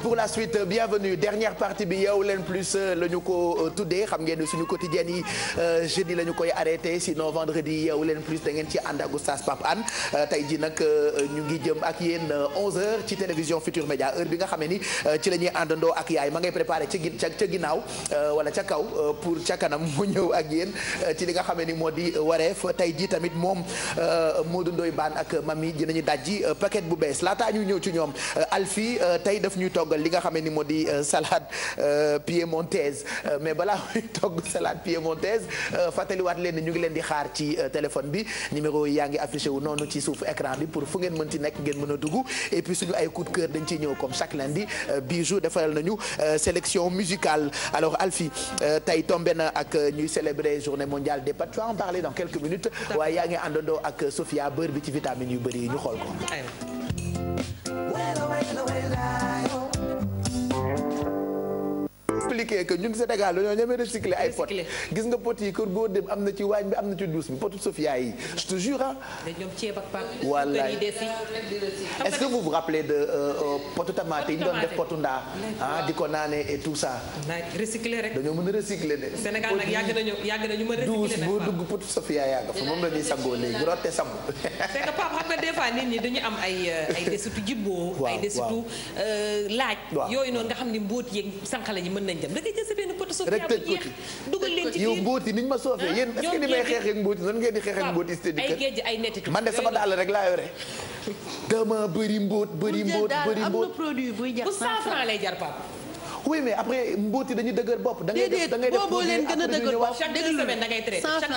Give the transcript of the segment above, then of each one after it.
pour la suite bienvenue dernière partie bi yeewu leen plus euh, la ñu ko euh, tuddee xam ngeen suñu quotidien yi euh, jeudi la ñu koy arrêté sinon vendredi yeewu leen plus da ngeen ci ànd ak oustaz Pape ji nag ñu ngi jëm ak yéen 11h ci télévision Futur Média heure bi nga xamee ni ci la ñuy àndandoo ak yaay ma ngay préparé ca ca ginnaaw wala ca kaw pour ca kanam mu ñëw ak yéen ci li nga xamee ni moo di wareef tey ji tamit moom Modou Ndoye Bane ak mami dinañu dajji paquet bu bees laataa ñu ñëw ci ñoom toggal li nga xam ni moo di euh, salade euh, piémontaise euh, mais balaa muy togg salade piémontaise waat leen ni ñu ngi leen di xaar ci téléphone bi numéro yi yaa ngi affiché wu noonu ci suuf écran bi pour fu ngeen mën ti nekk ngeen mën a dugg et puis suñu ay coup de cœur dañ ciy ñëw comme chaque lundi bijou defaral nañu sélection musicale alors Alfie tey tombé na ak ñuy célébrer journée mondiale des pâtes tu vas en parler dans quelques minutes waaye yaa ngi àndandoo ak Sophia beurre bi ci vitamines yu bëri yi ñu xool expliquer que ñun Sénégal dañoo ñeme recycler ay pot gis nga pot yi kër góor dem am na ci waañ bi am na ci douche bi potu Sofia euh, euh, ñu doon def potu ndaa ah di ko naane et tout ça. recycler a recycler de. Sénégal nag a yaa nga fa moom la sangoo léegi rotte sangu. c'est que Pape xam nga des nit ñi dañu am ay desitu jibboo. ay desitu euh, laaj. yooyu noonu nga xam ni mbóot yeeg sànqale ñi mën nañ dem da ngay jël sa benn poto suuf yaa ko jeex dugal leen ci biir yow mbóoti niñ ma soofee ah, yéen est-ce que ni may xeexee ak di xeexee ak mbóoti ay géej man de sama dàll rek laa yore dama bëri mbóot bëri mbóot bëri mbóot am na produit buy jar lay jar pap oui mais après mbooti dañuy dëgër bopp. da def da def boo leen gën a dëgër bopp chaque deux semaines da ngay traité chaque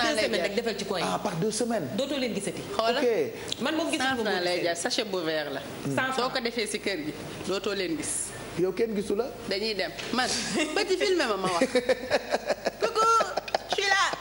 deux ah, soo ko defee si kër gi dootoo leen gis. yow kenn gisu la. dañuy dem man ba ci filmé ma ma wax.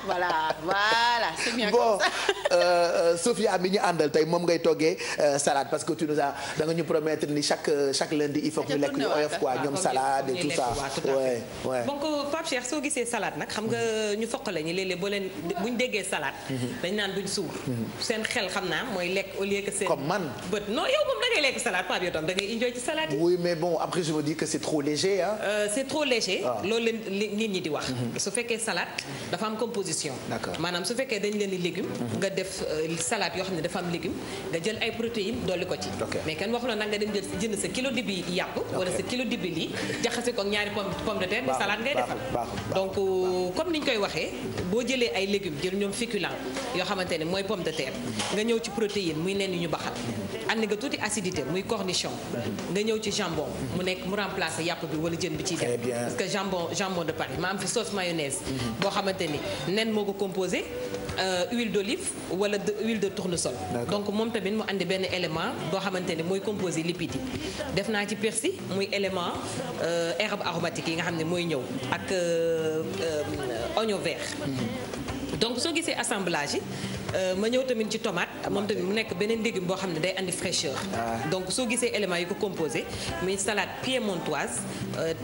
voilà voilà c'est bien bon euh, euh, Sophia mi ñu àndal tey moom ngay toggee euh, salade parce que tu nous as da nga ñu promettre ni chaque chaque lundi il faut que ñu lekk ñu oyof quoi ñoom salade et tout ça ouais ouais donc Pape Cheikh soo gisee salade nag xam nga ñu foqale ñi léeg-léeg boo leen bu ñu déggee salade mhm. dañ naan duñ suur mhm. seen xel xam naa mooy lekk au lieu que seen comme man bët non yow moom da ngay lekk salade Pape yow tam da ngay enjoy ci salade oui mais bon après je me dis que c'est trop léger hein c'est trop léger ah. loolu leen nit ñi di wax mhm. su fekkee salade dafa am composition nutrition. maanaam su fekkee dañ leen di légume mhm. nga def euh, salade yoo xam ne dafa am légume nga jël ay protéines dolli ko ci. mais kenn waxu nag nga dem jël jënd sa kilo dibi yàpp. wala sa kilo dibi lii jaxase ko ñaari pomme de terre. salade ngay defal donc euh, comme niñ koy waxee boo jëlee ay légumes jël ñoom féculents yoo xamante mooy pomme de terre nga ñëw ci protéine muy nen yu ñu baxal. Mhm. ànd nga tuuti acidité muy cornichon mhm. nga ñëw ci jambon mu nekk mu remplacer moo ko composé euh, huile d'olive wala huile de tournesol. donc moom tamit mu andi benn élément boo xamante ne mooy composé lipides yi. def naa ci persil muy élément euh, herbe aromatique yi nga xam ne mooy ñëw ak euh, oignon vert. Mhm. donc soo gisee assemblage yi ma ñëw tamit ci tomate moom tamit mu nekk beneen légume boo xam ne day andi fraîcheur ah. donc soo gisee éléments yi ko composé muy salade piémontoise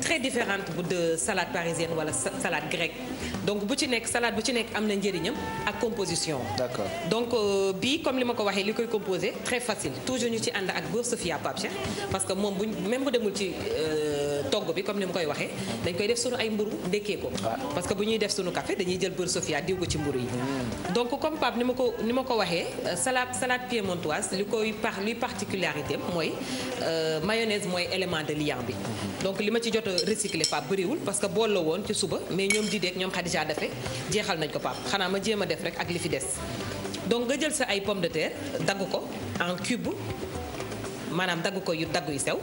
très différente bu de salade parisienne wala salade grecque donc bu ci nekk salade bu ci nekk am na njëriñam ak composition d'accord donc euh, bii comme li ma ko waxee li koy composé très facile toujours ñu ci ànd ak beurre sofia Pape Cheikh parce que moom buñ même bu demul ci euh, togg bi comme ni ma koy waxee dañ koy def sunu ay mburu ndekkee ko ah. parce que bu ñuy def sunu café dañuy jël beurre sofia diw ko ci mburu yi hmm. donc comme Pape ni ma ko ni ma ko waxee salade salade piémontoise li koy par luy particularité mooy euh, mayonnaise mooy élément de liant bi hmm. donc li ma ci jot a recycler Pape bëriwul parce que bool la woon ci suba mais ñoom di deeg ñoom Khadija dafe jeexal nañ ko Pape xanaa ma jéem a def rek ak li fi des donc nga jël sa ay pomme de terre dagg ko en maanaam dagg ko yu dagg yu sew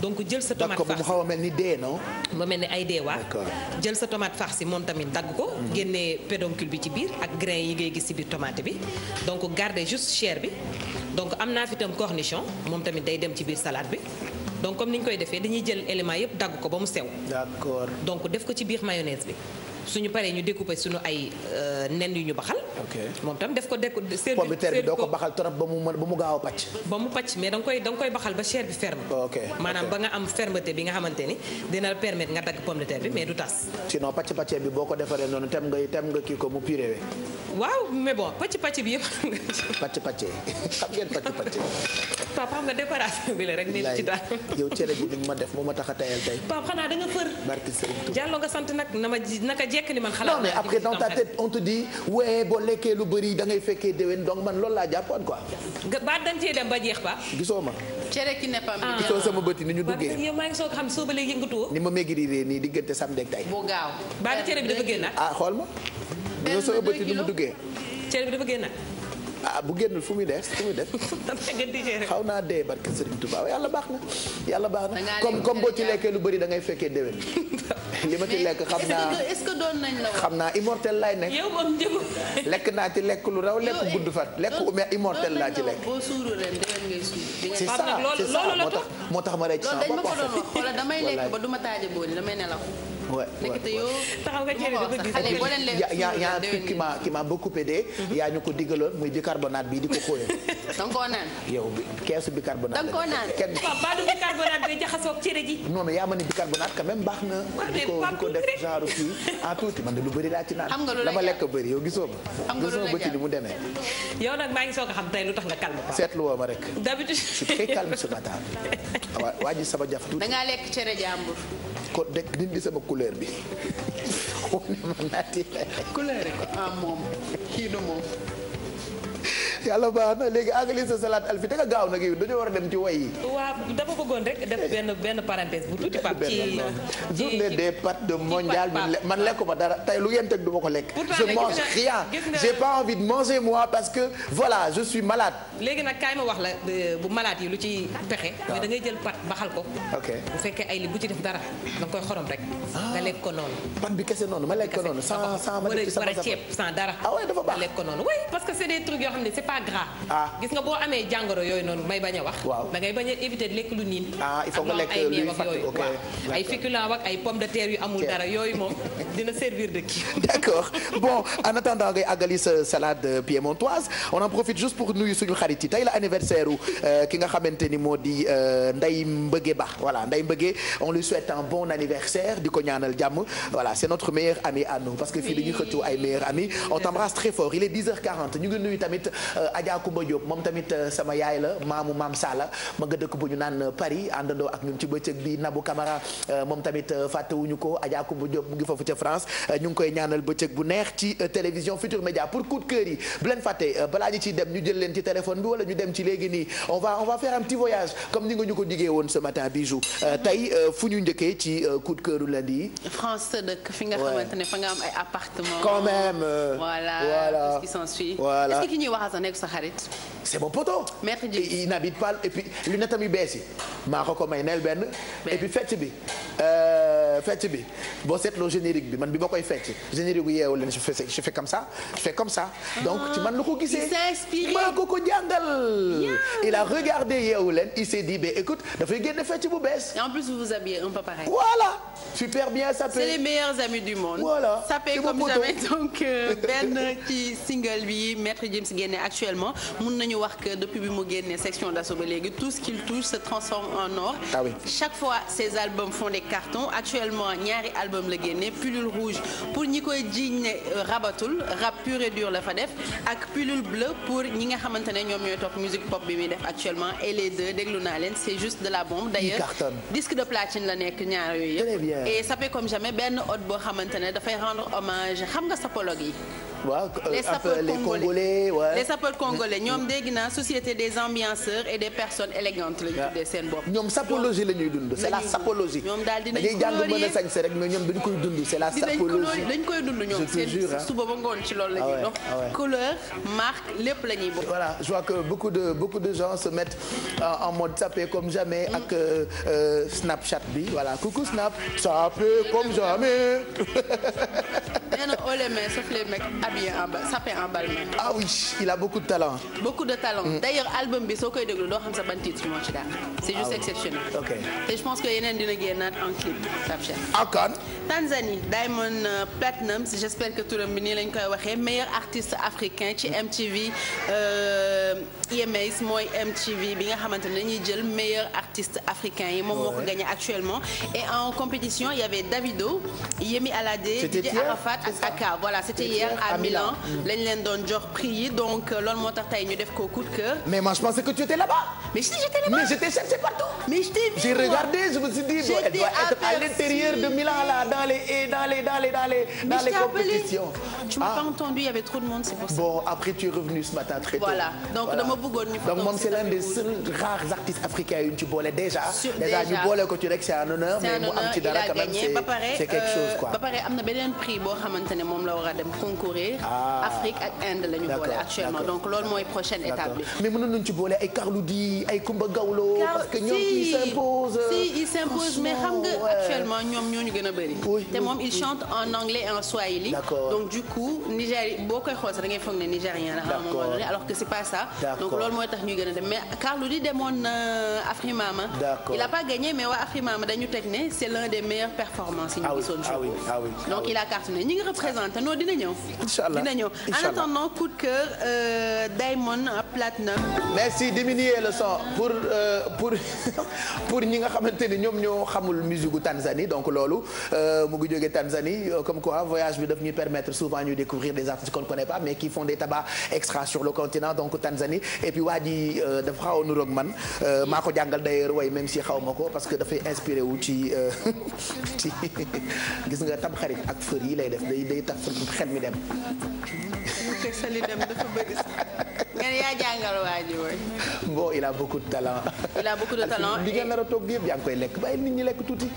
donc jël sa tomate farci mu xaw mel ni dee non mu mel ni ay dee jël sa tomate farci moom tamit dagg ko mhm. génne pédoncule bi ci biir ak grain yi ngay gis ci biir tomate bi donc garder juste chair bi donc am naa fi tam cornichon moom tamit day dem ci biir salaat bi donc comme ni ñu koy defee dañuy jël élément yëpp dagg ko ba mu sew d'accord donc def ko ci biir mayonnaise bi suñu paree ñu découper suñu ay euh, nen yu ñu baxal. moom tam def ko def ko. pompiteer bi doo ko baxal trop ba mu mën ba mu gaaw a pàcc. ba mu pàcc mais da nga koy da nga koy baxal ba chair bi ferme. maanaam ba nga am fermeté bi nga xamante ni dina la permettre nga dagg pomme de terre bi mais du tas. sinon pàcc pàcc bi boo ko defaree noonu tem nga nga kii ko mu purée. waaw mais bon pacc pacc bi yëpp. pàcc pàcc xam ngeen pàcc pàcc. papa xam nga déparation bi la rek. nii ci daal yow cere bi ni ma def moo ma tax a tayal tey. papa xanaa da fër. jàlloo nga sant nag na ma ji naka jekk ni man. xalaat non on te boo lekkee lu bëri da ngay fekkee déwén donc man loolu laa jàppoon quoi. ba dañ cee ba jeex ba. gisoo ma. cere ki neppam bi. Ah. gisoo sama bëti ni ñu duggee. yow maa ngi soog xam soo ba léegi yëngatuwoo. ni ma maigriree nii diggante samedi ak tey. bu gaaw. ba cere bi dafa génnaat. ah xool ma. yow sama bëti ni mu duggee. cere bi dafa génnaat. ah bu génnul fu muy des fu muy def. xaw naa dee barke Serigne Touba yàlla baax na yàlla baax na comme comme boo ci lekkee lu bëri da ngay fekkee déwén. li ma ci lekk xam naa est-ce que doon nañ xam naa immortel laay nekk. lekk naa ci lekk lu raw lekk gudd fat eh, lekk ume immortel laa ci lekk. boo suurul ren déwén moo tax moo tax ma rek. ci sama bopp loolu dañ wax wala damay lekk ba du ma taaje booni damay nelaw. y a un truc qui mm-hmm. m'a qui m'a beaucoup aidé. Mm-hmm. yaa ñu ko digaloon muy bicarbonate bi di ko xóoyal. da nga koo naan. yow bi keesu da nga koo naan kenn baadu bicarbonate bay jaxasoo cere ji. ma ne bicarbonate quand même baax na. di ko di ko def genre kii en ah, tuuti man de lu bëri laa ci naan. xam la lekk bëri yow gisoo ma. xam nga gisoo bëti ni mu demee. yow nag maa ngi soog a xam tey lu tax nga calme quoi. seetlu woo ma rek. d'habitude je suis très calme ce waa waa sama jaf tuuti. da lekk cere jàmbur. kon dëkk nit ñi sama couleur bi. couleur yi ko ah moom kii du moom. yàlla baax na léegi àggali sa salaat alfi te nga gaaw nag yow dañoo war a dem ci way yi. waaw dama bëggoon rek def benn parenthèse bu tuuti pap ci mange rien j'ai pas envie de manger moi parce que voilà je suis malade. la euh, bu malade yi lu ci pexe. Ah. da ngay jël pat baxal ko. ok bu fekkee ay li bu ci def dara da nga koy xorom rek. Ah. nga lekk ko noonu. pat bi kese noonu ma lekk ko noonu. sans sans ma def ci sama sama war a dafa baax pas gras. ah gis nga boo amee jàngoro yooyu noonu may bañ a wax. waaw da a éviter lekk lu niin. ah il faut nga lekk luy fàtt ay féculents ak ay pomme de terre yu amul dara yooyu moom dina servir de kii. d'accord bon en attendant sa salade piémontoise on en profite juste euh, ki nga xamante ni moo di euh, Ndeye Mbëgge Ba voilà Ndeye Mbëgge on lui souhaite un bon anniversaire di ko ñaanal jàmm voilà c'est notre meilleur ami à parce que fii dañuy xëccoo ay meilleurs amis on t'embrasse très fort il est 10 h ñu ngi Euh, Adja Kumba Diop moom tamit euh, sama yaay la maamu maam Sala ma nga dëkk bu ñu naan euh, Paris àndandoo ak ñun ci bëccëg bi Nabou Camara moom tamit fàttewuñu ko Adja Kumba Diop mu ngi foofu ca France ñu ngi koy ñaanal bëccëg bu neex ci télévision Futur Média pour coup de yi bu leen fàtte balaa ñu ciy dem ñu jël leen ci téléphone bi wala ñu dem ci léegi nii on va on va faire un petit voyage comme ni nga ñu ko diggee woon ce matin bijou tey fu ñu njëkkee ci coup ak sa xarit. c'est mon poteau. maître ji il n'habite pas et puis lunette am yu bees yi maa ko et puis fecc bi euh, fecc bi boo seetloo générique bi man bi ma koy fecc générique bu ah, man lu ko e maa ko ko jàngal. il a regardé yeewu leen il s'est dit ben écoute dafay génne fecc bu bees. et en plus vous vous habillez un peu pareil. voilà super bien sapé. c'est les meilleurs amis du monde. voilà sapé comme jamais donc euh, benn ci single bi maître James génne actuellement mun nañu wax que depuis bi mu génnee section d'assaut ba léegi tout ce qu'il touche se transforme en or. Ah oui. chaque fois ses albums font des cartons actuellement ñaari album la génne pilule rouge pour ñi koy jiiñ ne euh, rabatul rap pur et dur la fa def ak pilule bleue pour ñi nga xamante ne ñoom ñooy topp musique pop bi muy def actuellement et les deux déglu naa leen c'est juste de la bombe d'ailleurs disque de platine la nekk ñaar yooyu yëpp et sapé comme benn hôte boo xamante ne dafay rendre hommage xam nga sapologue yi waaw les euh, sapeurs congolais ouais. les congolais ñoom dégg naa société des ambianceurs et des personnes élégantes la ñu tuddee seen bopp. ñoom sapologie la ñuy dund c'est la sapologie. ñoom daal dina jàng mën a sañse rek mais koy dund c'est la sapologie. dañ koy dund ñoom seen suba ba ngoon ci loolu la ah ñuy dox. Ah couleur marque lépp la ñuy bokk. voilà je vois que beaucoup de beaucoup de gens se mettent euh, en mode sapé comme jamais mm. ak euh, Snapchat bi voilà coucou Snap sapé comme jamais. nee na haut les mains sauf les mecs habillés en bas sapés en balmain. ah oui il a beaucoup de talent. beaucoup de talent mm. d' ailleurs album bi soo koy déglu doo xam sa ban titre moo ci daal. c' est juste ah, exceptionnel. ok te je pense que yeneen dina génnaat en clip. Snapchat akan. Tanzanie Diamond euh, Platnumz j' espère que turam bi nii lañ koy waxee meilleur artiste africain ci MTV EMAs euh, e mooy MTV bi nga xamante ne dañuy jël meilleur artiste africain yi moom moo ko gagné actuellement et en compétition il y avait Davido Yemi Alade. c' était Arafat Azaka a c'était hier à Milan mm. lañ leen doon donc euh, loolu moo tax tey ñu coup de cœur. mais je pensais que tu étais là-bas. mais je t'ai cherché partout. mais je t'ai vu l'intérieur de Milan là dans les compétitions tu m'as ah. trop de monde c'est pour ça. bon après tu es revenu ce matin très tôt. voilà donc dama bëggoon ñu. donc moom c'est l'un des seuls rares artistes africains yu ñu ci boole déjà. sur déjà honneur. mais mu am ci dara quand même c'est quelque euh, xamante ne moom la war dem concourir. Ah. Afrique ak Inde la ñu boole actuellement donc loolu mooy prochaine étape bi. mais mënoon nañu ci boole ay Carlou-D ay Kumba Gawlo. parce que ñoom ils s'imposent. si ils s'imposent mais xam nga a bëri. te chante en anglais et en swahili. donc du coup Nigéria boo koy la. à un moment donné alors que c'est pas ça. a dem mais Carlou-D euh, il a pas gagné mais waa Afrimama dañu teg ne c'est l'un des meilleures performances yi ñu ah gisoon. Ah donc il a cartonné ñu représenté non dina ñëw. incha allah dina ñëw en attendant coup de cœur euh, Diamond euh, Platnum. merci diminuer le son pour euh, pour ñi nga xamante ni ñoom ñoo xamul musique gu Tanzanie donc loolu euh, mu ngi jógee Tanzanie euh, comme quoi voyage bi daf ñuy permettre souvent ñu découvrir des artistes qu'on ne connaît pas mais qui font des tabacs extra sur le continent donc Tanzanie et puis waa ji dafa xaw a nuroog man maa ko jàngal d'ailleurs way même si xaw ma ko parce que dafay inspiré wu ci ci gis nga tam xarit ak fër yi lay def. day day tax xel mi dem. ngeen yaa jàngal waa ji woy bon il a beaucoup de talent. il a beaucoup de talent li nga nar a toog yëpp yaa ngi koy lekk bàyyi lekk tuuti.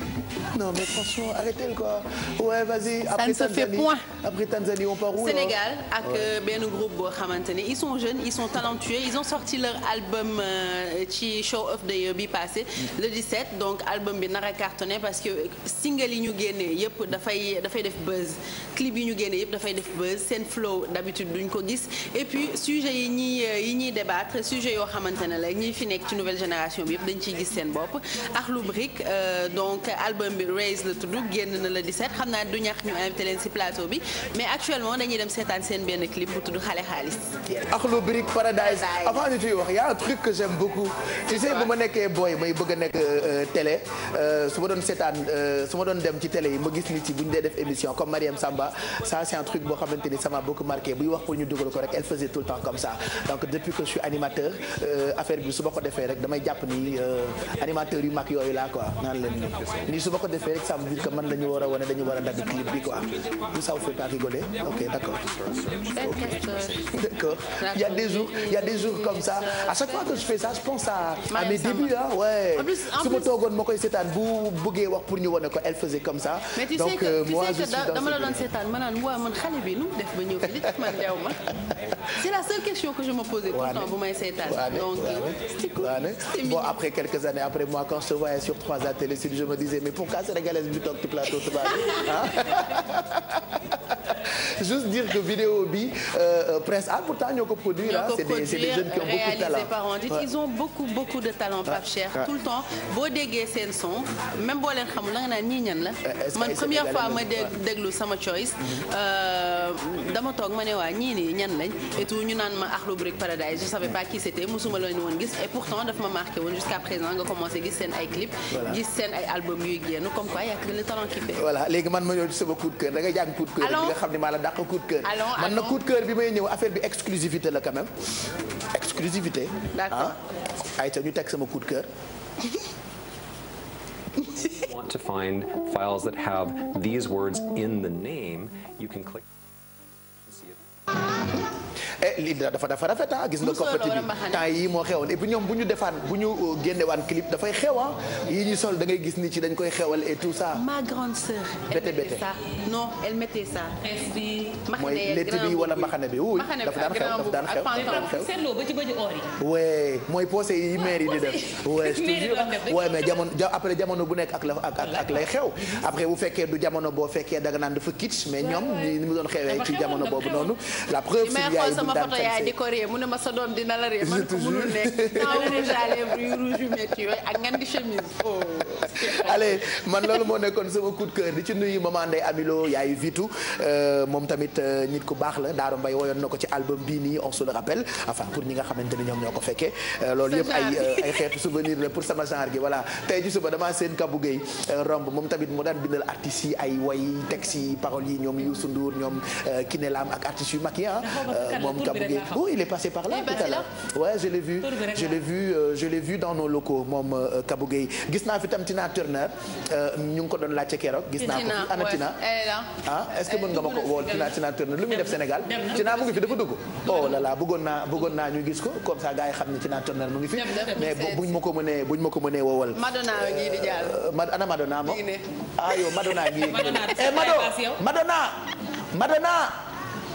non mais franchement arrêtez quoi. ouais vas-y après ko ça ne se fait point. après Tanzanie on part où Sénégal ak euh, benn groupe boo xamante ne ils sont jeunes ils sont talentueux ils ont sorti leur album euh, ci show of the year bi passé. Mm. le 17 donc album bi nar a cartonné parce que single yi ñu génnee yëpp dafay dafay def buzz clip yi ñu génnee yëpp dafay def buzz seen flow d'habitude duñ ñuy euh, yi ñuy débattre sujet yoo xamante ne la ñi fi nekk ci nouvelle génération bi yëpp dañ ciy gis seen bopp Akhlou Brick euh, donc album bi Raise la tudd génn na la 17 xam naa du ñax ñu invité leen si plateau bi mais actuellement dañuy dem seetaan seen benn clip bu tudd xale xaalis. Akhlou Brick Paradise avant ñu ciy wax y a un truc que j'aime beaucoup tu sais bu ma nekkee booy may bëgg a nekk euh, télé su ma doon seetaan su ma doon dem ci télé yi ma gis nit yi bu dee def émission comme Mariam Samba ça c'est un truc boo xamante ni ça m'a beaucoup marqué buy wax donc depuis que je suis animateur euh, affaire bi su ma ko defee rek damay jàpp ni euh, animateur yu mag yooyu la quoi naan leen nii su ma ko defee rek ça que man la ñu war a wane dañu war a dagg clip bi quoi tout ça vous fait pas rigoler ok d' y a des jours il y a des jours comme ça à chaque fois que je fais sa je pense à à mes su ma toogoon ma koy seetaan bu bëggee wax pour ñu wane ko elle faisait comme ça. donc euh, moi je suis dans dama la doon seetaan ma naan waaw man xale bi nu mu def man dew ma c'est la ma posé tout le temps bu may seetaan donc bon après quelques années après moi quand je te voyais sur 3A Télé Sud je me disais mais pourquoi sénégalaise bi toog ci plateau tubaab bi ah juste dire que vidéo bi euh, euh presse ah pourtant ñoo ko produire ah. c'est des c'est dit ils ont beaucoup de talent Pape ah, tout le temps boo déggee seen son même booleen leen xamul da naan ñii ñan la. Euh, man première fois ma déglu sama choice. Mm-hmm. Euh, dama toog ma ne waa ñii nii ñan lañ et tout ñu naan ma Akhlou Brick Paradise je savais pas qui c'était musuma leen woon gis et pourtant daf ma marqué woon jusqu'à présent nga commencé gis seen ay clip. gis seen ay album yuy génn comme quoi y a léegi man ma ñëw ci sama coup de ni maa la dàq coup de cœur man na coup de cœur bi may ñëw affaire bi exclusivité la quand même exclusivité ah ay ta ñu teg sama coup de cœur want to find files that have these words in the name you can click see it Eh, li dafa dafa rafet ah gis nga coppite bi temps yi moo xewoon et puis ñoom bu ñu defaan bu ñu euh, génnewaan clip dafay xew ah yi ñuy sol da ngay gis ni ci dañ koy xewal e tout ça. ma grande sœur. bété bété non mooy létt wala maxane bi dafa daan daan xew dafa daan xew. seetloo ba ci yi. oui de posé yi maire yi di def. oui toujours oui mais après jamono bu nekk ak la ak ak lay xew après bu fekkee du jamono boo fekkee danga naan dafa kitsch mais ñoom ni mu doon xewee ci jamono boobu noonu la preuve daan photo mu ne ma sa doom dina la ree man ko mënul nekk non oh, man loolu moo nekkoon sama coup de ci nuyu maman Ndeye Amilo yaayu Vitu euh, moom tamit euh, nit ku baax la Daaro Mbaye woyoon na ko ci album bii nii on se le rappelle enfin pour ñi nga xamante ni ñoom ñoo ko fekkee euh, loolu yëpp ay ay xeetu souvenir la pour sama genre gi voilà tey ji suba damaa seen Kabou Gueye romb moom tamit moo daan bindal artistes yi ay way textes yi paroles yi ñoom Youssou Ndour ñoom Kiné Lam ak artistes yu mag yi ah moom Kabougué oui il est passé par là eh tout à l'heure je l'ai vu euh, je l'ai vu dans nos locaux moom euh, Kabougué gis naa fi Tina Turner euh, ñu ngi ko doon laajte keroog gis naa ko fi ana Tina ah est-ce que ma ko wool Tina Tina Turner lu muy def Sénégal Tina mu ngi fi dafa dugg oh là là bëggoon ñu gis ko comme ça gars yi xam ne Tina Turner mu ngi fi mais buñ ma ko mënee buñ ma ko mënee woowal Madonna ngi di jàll ana Madonna moom ayo ah, Madonna ngi eh, Madonna Madonna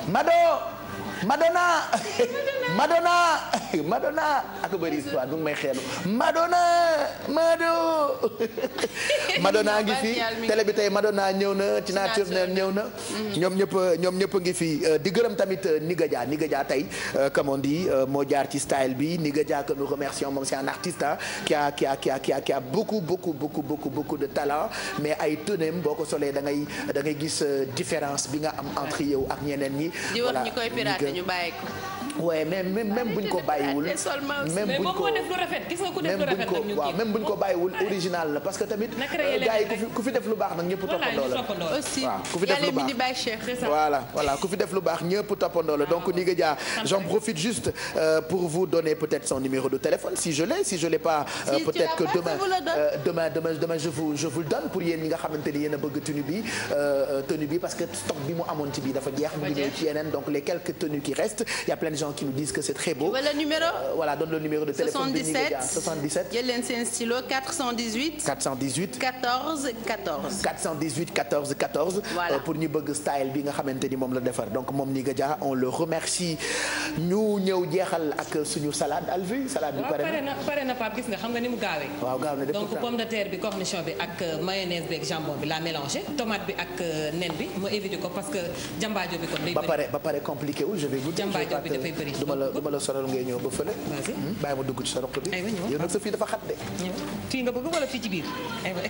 Madonna Madonna Madonna Madonna ak bëri histoire du may xeelu Madonna Mado Madonna ngi fi télé bi tey Madonna ñëw na Tina Turner ñëw na mm-hmm. ñoom ñëpp ñoom ñëpp ngi fi euh, di gërëm tamit euh, Niga Dia Niga Dia tey euh, comme on dit moo jaar ci style bi Niga ko que nous moom c'est un artiste ah qui a qui a qui a qui a beaucoup beaucoup beaucoup beaucoup de talent mais ay tëneem boo ko solee da ngay da ngay gis différence bi nga am entre yow ak ñeneen ñi voilà ñu koy pirater ñu bàyyi ko mais bu buñ ko bàyyiwul. même buñ ko même buñ ko waaw même buñ ko original parce que tamit. gars yi ku fi ku fi def lu baax nag ñëpp toppandoo la. waaw ku fi def lu baax voilà voilà ku fi def lu baax ñëpp toppandoo la donc Ndiga Dia j'en profite juste euh, pour vous donner peut-être son numéro de téléphone si je l'ai si je l'ai pas. Euh, peut-être que demain euh, je vous le donne pour yéen ñi nga xamante ni yéen a bëgg tenue bi tenue bi parce que stock bi mu amoon bi dafa jeex mu ngi ñëw ci yeneen donc les quelques tenues qui restent il y a plein disent que c'est très beau. voilà numéro. Euh, voilà donne le numéro de téléphone. 77 77. jël leen seen stylo 418. 418. 14 14. pour ñu bëgg style bi nga xamante ni moom la defar donc moom Ndiga Dia on le remercie ñu ñëw jeexal ak suñu salade alvi salade bi pare na pare gis nga xam nga ni mu gaawee. donc pomme de terre bi cornichon bi ak euh, mayonnaise bi ak bi la mélangé tomate bi ak euh, nen bi ma éviter ko parce que jambaajo bi kon ba pare ba pare compliqué wul je vais goûter. bi la du ma la sonal ngay ñëw ba fële. Hmm? bàyyi ma dugg ci sa roq bi. aywa sa fii dafa xat de. fii nga bëgg wala fii ci biir. Ah,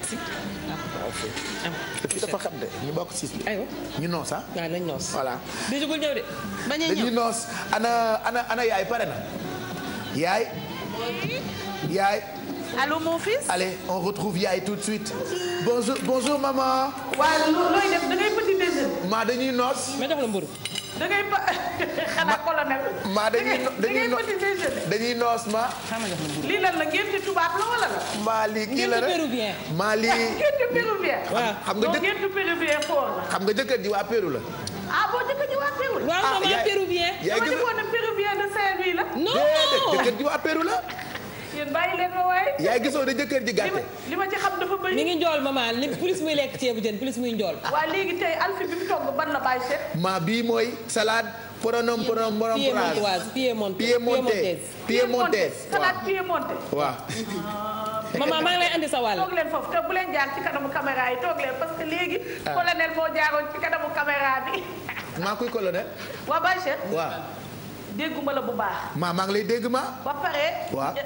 ah. fii dafa xat de ñu bokk siis bi. aywa ñu noos a ah? waaw nañ noos. voilà. bisu bul ñëw de. bañ a ñëw dañuy noos ana ana ana yaay pare na. yaay. yaay. Allô mon fils. Allez, on retrouve Yaay tout de suite. Bonjour bonjour maman. maa dañuy noos. da ngay ba xanaa colonel. ma dañuy dañuy dañuy noos ma. lii lan la ngeen di tubaab la wala la. maa lii kii la maa lii ngeen di xam nga jëkk ngeen di péruvien la. xam nga jëkkër ji waa Pérou la. ah boo jëkkër ji waa Pérou la. Ah, a dama ne la. non non jëkkër ji waa Pérou la. yéen bàyyi leen ma waaye. yaa gisoo ne jëkkër ji gàtte. li ma ci xam dafa bëri. mi ngi njool maman li plus muy lekk ceebu jën plus muy njool. waa léegi tey alfi bi mu togg ban la bàyyi seet. ma bii mooy salade. pronom pronom pronom piemontoise piemontaise piemontaise salade piemontaise waaw. Ah. maman maa ngi lay andi sa wàll. toog leen foofu te bu leen jaar ci kanamu caméra yi toog leen parce que léegi. Ah. colonel moo jaaroon ci kanamu caméra bi. maa kuy colonel. waa Baye Cheikh. dégguma la bu baax. maa maa ngi lay dégg ma. ba pare. waaw eh,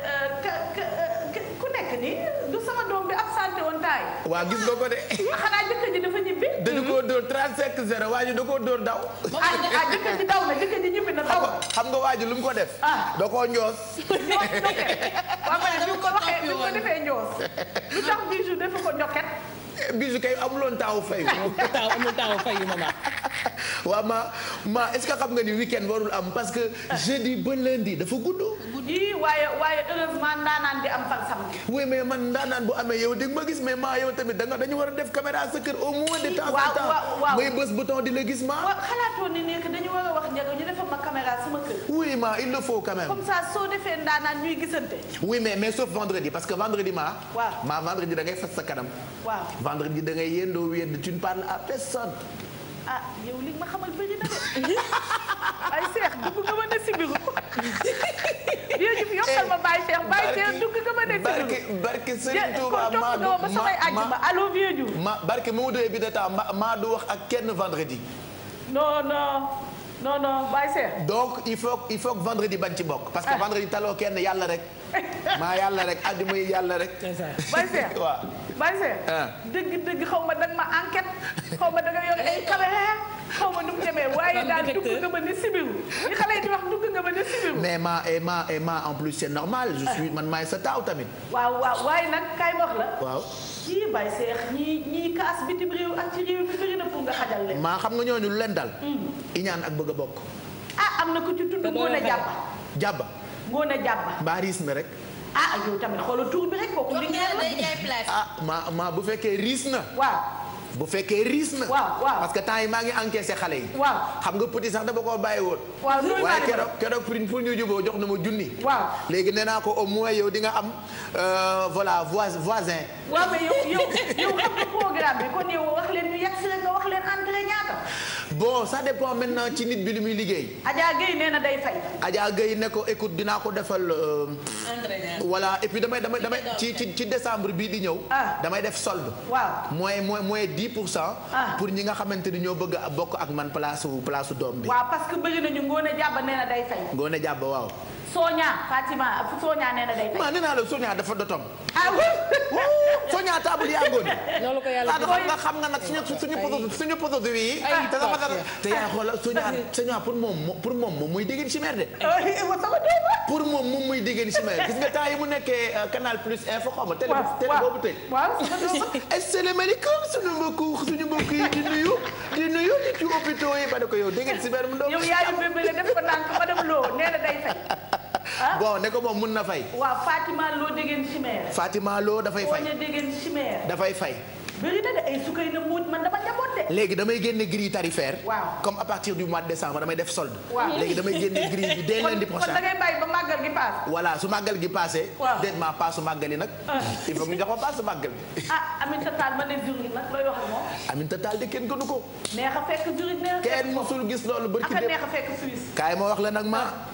eh, eh, ku nekk nii du sama doom bi absenté woon taay. waa gis nga ko de. xanaa jëkkër ji dafa ñibbi. dañu koo dóor 35 0 waa ji da koo dóor daw. ah ah jëkkër daw na jëkkër ñibbi na daw. xam nga waa ji lu mu ko def. ah da koo njoos. njoos pare bi ko defee njoos. lu tax bisu dafa ko njoket. Eh, bisu kay amuloon taawu fayu. taaw amul taawu fayu mama. waaw ma ma est-ce que xam nga ni week-end warul am parce que jeudi ba lundi dafa gudd. ji waaye waaye heureusement ndaanaan di am par samedi. oui mais man ndaanaan bu amee yow di ma gis mais maa yow tamit da nga dañu war a def caméra sa kër au moins de temps en temps may bës bouton di la gis ma. waaw xalaatoo ni nekk dañu war a wax njëkk ñu defal ma caméra sama kër. oui ma il le faut quand même. comme ça soo defee ndaanaan ñuy gisante. oui mais mais sauf vendredi parce que vendredi ma. waaw ma vendredi da ngay fas sa kanam. waaw vendredi da ngay yendoo wedd tu ne parles à personne. ah yow li ma xamal bëri na de ay seex dugg nga mën a sibiru yow jub yokkal ma Baye Cheikh Baye Cheikh dugg nga ma nekk barke barke Serigne ma maa du wax ak kenn vendredi non non non non Baye Cheikh donc il faut il faut que vendredi bañ ci bokk parce que ah. vendredi taloo kenn yàlla rek maa yàlla rek àjjuma yi yàlla rek Baye Cheikh ah. dëgg dëgg xaw ma danga ma enquête xaw ma danga yor ay caméra xaw ma nu mu waaye daal dugg nga ma ni sibiru ni xale yi mais ma et ma et ma en plus c'est normal je suis man maay sa taaw tamit. waaw waaw waaye nag kay wax la. waaw kii bay seex ñii ñii kaas bitim réew ak ci réew bi bëri na pour nga xajal leen. maa xam nga ñooñu lu leen dal. Hmm. iñaan ak bëgg a bokk. ah am na ku ci tudd Ngone Jàbba. Jàbba. Ngone Jàbba. mbaa riis na rek. ah yow tamit xoolal tur bi rek kooku. li ngeen ah ma ma bu fekkee riis na. waaw. bu fekkee riis na. waaw parce que temps yi maa ngi encaissé xale yi. waaw xam nga petit sax dama koo bàyyi woon. waaw loolu waaye keroog keroog pour ñu jox na ma junni. waaw léegi nee naa ko au moins yow di nga am euh, voilà voisin. waaw mais yow xam nga programme kon yow wax leen ñu yegg nga wax leen entrée ñaata. bon ça dépend maintenant ci nit bi lu muy liggéey. Adja Gueye nee na day fay. Adja Gueye ne ko écoute dinaa ko defal. Euh, voilà et puis damay damay ci ci décembre bii di ñëw. Ah. damay def solde. waaw mooy mooy mooy 10 pour cent. Ah. pour ñi nga xamante ni ñoo bëgg a bokk ak man place place doom bi. waaw parce que bëgg nañu Ngoné Diaba nee na day fay. Ngoné Diaba waaw. Soña Fatima Soña nee na day fay. waaw nee naa la Soña dafa dotom ah oui soo ñaata abul yaa góor loolu ko yàlla nga xam nga nag suñu suñu poteau suñu poteau bi yi. Ah, te dafa nga te yaa xool suñu pour moom pour moom moom muy déggee ci mer de. pour moom moom muy déggee ci mer gis nga temps yi mu nekkee euh, canal plus info xaw ma. waaw waaw télé boobu tey. waaw asalaamaaleykum suñu mbokku suñu mbokk yi di nuyu di nuyu ci hôpitaux yi ba ne ko yow déggee ci mer mu ndox. yow yaa yu bébé la def ko ndànk madame Lo nee na day fay. Ah? bon ne ko moom mun na fay. waaw Fatima Lo dégg chimère. Fatima Lo dafay fay dafay bëri na de ay sukkay na muut man dama njaboot de. léegi damay génne grille tarifaire. waaw comme à partir du mois de décembre damay def solde. waaw léegi damay génne grille bi dès lundi prochain. ba màggal gi paase. voilà su màggal gi paase. waaw déet maa paasu màggal yi nag. Ah. il faut que ñu jox ma paasu màggal bi. ah Aminata Tall ma ne jur nag looy wax moom. Aminata Tall de kenn gënu ko. neex a fekk loolu. barki de ak a wax la nag ma. Ah.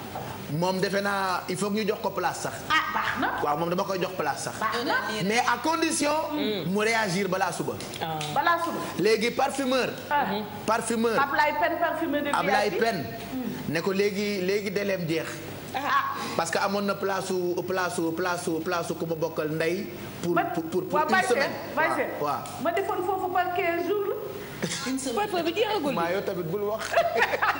moom defe naa il faut ñu jox ko place sax. Ah, waaw moom dama koy jox place sax. mais à condition. Hmm. mu réagir balaa suba. Ah. balaa suba léegi parfumeur. Ah. parfumeur Ablaye Pen Pen. Hmm. ne ko léegi léegi deleem jeex. parce que amoon na place su place su place su place su ma bokkal ndey. pour pour pour une semaine waaw ma defoon foofu par 15 jours. maa yow tamit bul wax.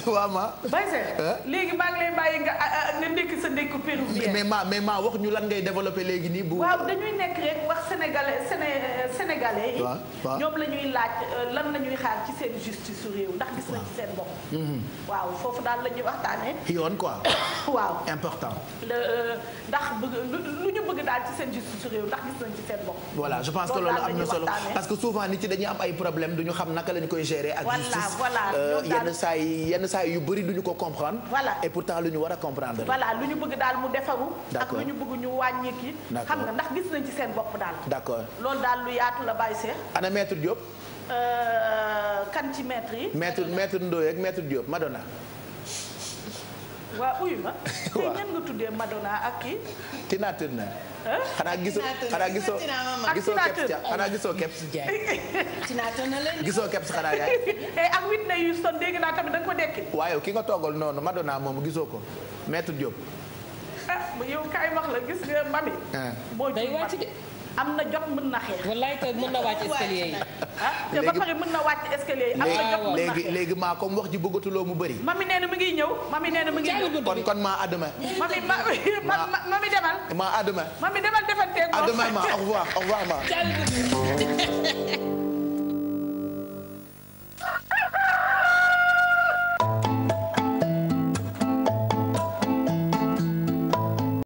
waaw ma. Backe léegi maa ngi lay bàyyi nga ah, ah, nga ndékki sa ndékku péruvien. mais ma mais ma wax ñu lan ngay développé léegi nii bu. waaw dañuy nekk rek wax sénégalais euh, sénégalais yi. ñoom la laaj euh, lan la xaar ci seen justice su réew ndax gis nañ ci seen bopp. Mm-hmm. waaw je pense que loolu am na solo parce que souvent nit yi dañuy am ay problème duñu xam naka lañu koy gérer. ak justice euh, yenn saa yi yenn saa yu bëri du ñu ko comprendre. voilà et pourtant lu ñu war a comprendre. voilà lu ñu bëgg daal mu defaru. ak lu ñu bëgg ñu wàññi kii. xam na ndax gis nañ ci seen bopp daal. d' accord loolu daal lu yaatu la bàyyi see. ana maître Diop. Euh, kan ci maître yi. maître maître Ndoye ak maître Diop Madonna. waa uyu ma. tey ñan nga tuddee Madonna ak kii. Tina Turner. xanaa gisoo xanaa gisoo gisoo keps ca xanaa gisoo keps. Tina gisoo keps xanaa yaay. ak Whitney Houston dégg naa tamit da ko dekki. waaye ki nga toogal noonu Madonna moom gisoo ko Maître Diop. ah yow kaay wax la gis nga mami. Ah. boo jiw am na jot mën na xeex. wallaay te mën na wàcc escalier yi. Ah, te ba pare mën na wàcc escalier yi. am na jot na léegi léegi maa comme wax ji bëggatuloo mu bëri. mami nee na mi ngiy ñëw mami nee na mi ngi ñëw. kon kon maa adama. mami ma mami demal. maa adama. mami demal defanteeg moom. adama ma au revoir au revoir ma.